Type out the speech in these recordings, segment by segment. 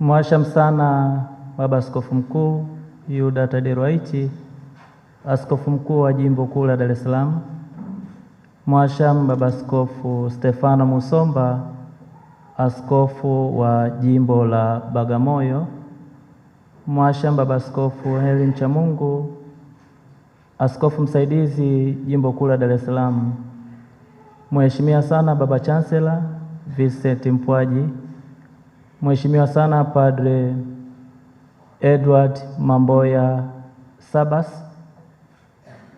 Mwasham sana Baba Askofu Mkuu Yuda Tadero askofu mkuu wa jimbo kuu la Dar es Salaam. Mwasham Baba Askofu Stefano Musomba, askofu wa jimbo la Bagamoyo. Mwasham Baba Askofu Helen chamungu askofu msaidizi jimbo kuu la Dar es Salaam. Mheshimiwa sana Baba Chancellor Vincent Mpwaji Mheshimiwa sana Padre Edward Mamboya Sabas,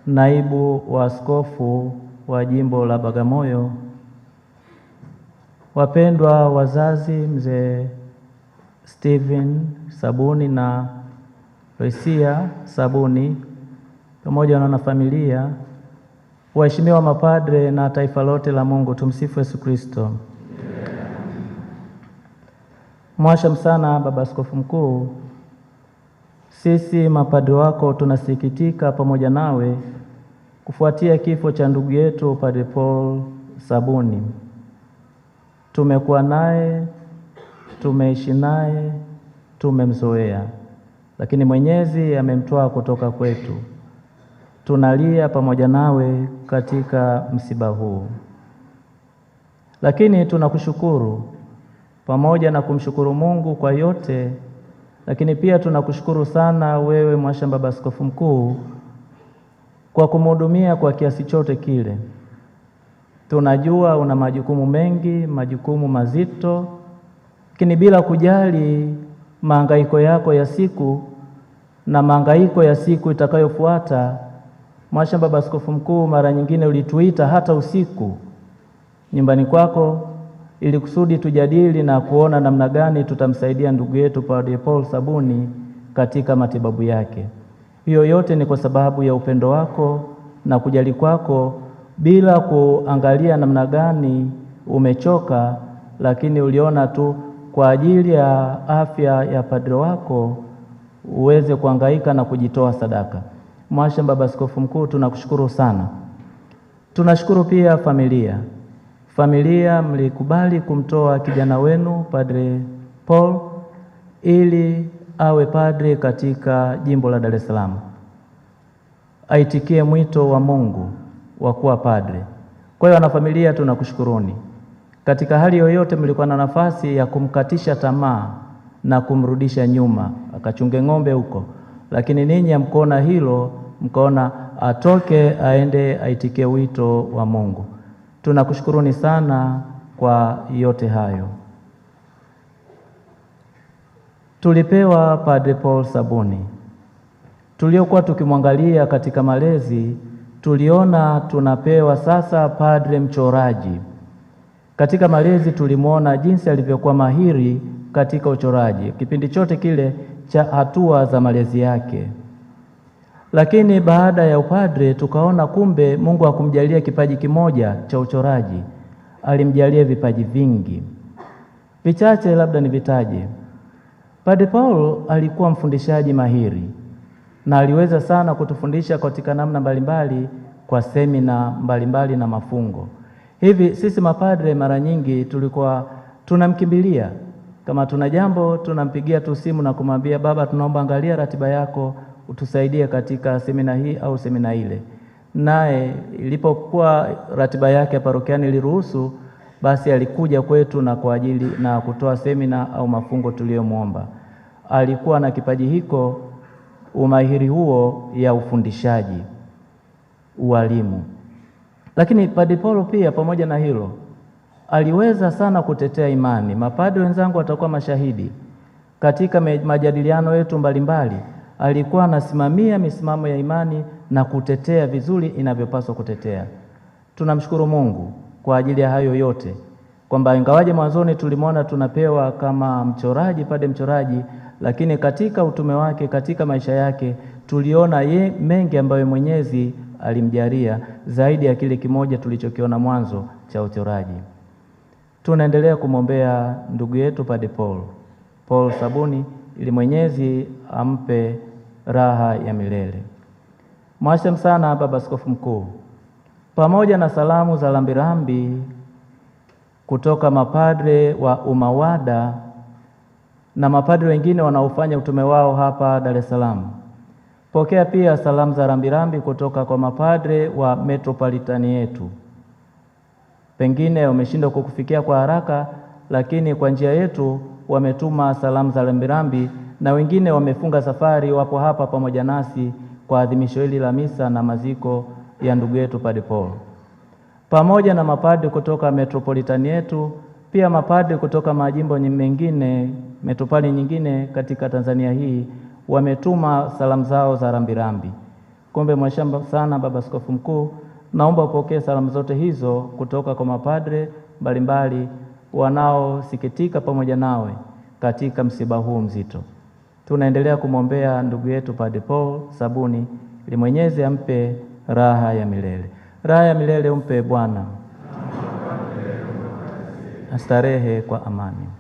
naibu wa askofu wa jimbo la Bagamoyo, wapendwa wazazi, mzee Stephen Sabuni na Loisia Sabuni pamoja na wanafamilia, waheshimiwa mapadre na taifa lote la Mungu, tumsifu Yesu Kristo. Mwasham sana Baba Askofu Mkuu, sisi mapadri wako tunasikitika pamoja nawe kufuatia kifo cha ndugu yetu Padre Paul Sabuni. Tumekuwa naye, tumeishi naye, tumemzoea, lakini Mwenyezi amemtoa kutoka kwetu. Tunalia pamoja nawe katika msiba huu, lakini tunakushukuru pamoja na kumshukuru Mungu kwa yote, lakini pia tunakushukuru sana wewe Mwashamba, Baba Askofu Mkuu, kwa kumhudumia kwa kiasi chote kile. Tunajua una majukumu mengi, majukumu mazito, lakini bila kujali mahangaiko yako ya siku na mahangaiko ya siku itakayofuata, Mwashamba, Baba Askofu Mkuu, mara nyingine ulituita hata usiku nyumbani kwako ili kusudi tujadili na kuona namna gani tutamsaidia ndugu yetu Padre Paul Sabuni katika matibabu yake. Hiyo yote ni kwa sababu ya upendo wako na kujali kwako, bila kuangalia namna gani umechoka, lakini uliona tu kwa ajili ya afya ya padre wako uweze kuangaika na kujitoa sadaka. Mwashe Baba Askofu Mkuu, tunakushukuru sana. Tunashukuru pia familia familia mlikubali kumtoa kijana wenu Padre Paul ili awe padre katika jimbo la Dar es Salaam. Aitikie mwito wa Mungu wa kuwa padre. Kwa hiyo wanafamilia, tunakushukuruni. Katika hali yoyote, mlikuwa na nafasi ya kumkatisha tamaa na kumrudisha nyuma akachunge ng'ombe huko, lakini ninyi mkoona hilo, mkaona atoke aende aitikie wito wa Mungu. Tunakushukuruni sana kwa yote hayo. Tulipewa Padre Paul Sabuni, tuliokuwa tukimwangalia katika malezi, tuliona tunapewa sasa padre mchoraji. Katika malezi tulimwona jinsi alivyokuwa mahiri katika uchoraji kipindi chote kile cha hatua za malezi yake. Lakini baada ya upadre tukaona kumbe Mungu akumjalia kipaji kimoja cha uchoraji, alimjalia vipaji vingi. Vichache labda nivitaje. Padre Paul alikuwa mfundishaji mahiri na aliweza sana kutufundisha katika namna mbalimbali kwa semina mbalimbali na mafungo. Hivi sisi mapadre mara nyingi tulikuwa tunamkimbilia, kama tuna jambo tunampigia tu simu na kumwambia baba, tunaomba angalia ratiba yako utusaidie katika semina hii au semina ile. Naye ilipokuwa ratiba yake ya parokiani iliruhusu, basi alikuja kwetu na kwa ajili na kutoa semina au mafungo tuliyomwomba. Alikuwa na kipaji hiko, umahiri huo ya ufundishaji, ualimu. Lakini Padre Paulo pia, pamoja na hilo, aliweza sana kutetea imani. Mapadre wenzangu watakuwa mashahidi katika majadiliano yetu mbalimbali mbali alikuwa anasimamia misimamo ya imani na kutetea vizuri inavyopaswa kutetea. Tunamshukuru Mungu kwa ajili ya hayo yote, kwamba ingawaje mwanzoni tulimwona tunapewa kama mchoraji, pade mchoraji, lakini katika utume wake, katika maisha yake tuliona ye mengi ambayo Mwenyezi alimjalia zaidi ya kile kimoja tulichokiona mwanzo cha uchoraji. Tunaendelea kumwombea ndugu yetu Pade Paul Paul Sabuni ili Mwenyezi ampe raha ya milele. Mwashem sana Baba Askofu Mkuu, pamoja na salamu za rambirambi kutoka mapadre wa UMAWADA na mapadre wengine wanaofanya utume wao hapa Dar es Salaam. Pokea pia salamu za rambirambi kutoka kwa mapadre wa metropolitani yetu. Pengine wameshindwa kukufikia kwa haraka, lakini kwa njia yetu wametuma salamu za rambirambi na wengine wamefunga safari, wapo hapa pamoja nasi kwa adhimisho hili la misa na maziko ya ndugu yetu Padre Paul, pamoja na mapadri kutoka metropolitan yetu, pia mapadri kutoka majimbo mengine, metropali nyingine katika Tanzania hii wametuma salamu zao za rambirambi. Kumbe mwashamba sana Baba Askofu Mkuu, naomba upokee salamu zote hizo kutoka kwa mapadre mbalimbali wanaosikitika pamoja nawe katika msiba huu mzito. Tunaendelea kumwombea ndugu yetu Padre Paul Sabuni ili Mwenyezi ampe raha ya milele. Raha ya milele umpe Bwana, astarehe kwa amani.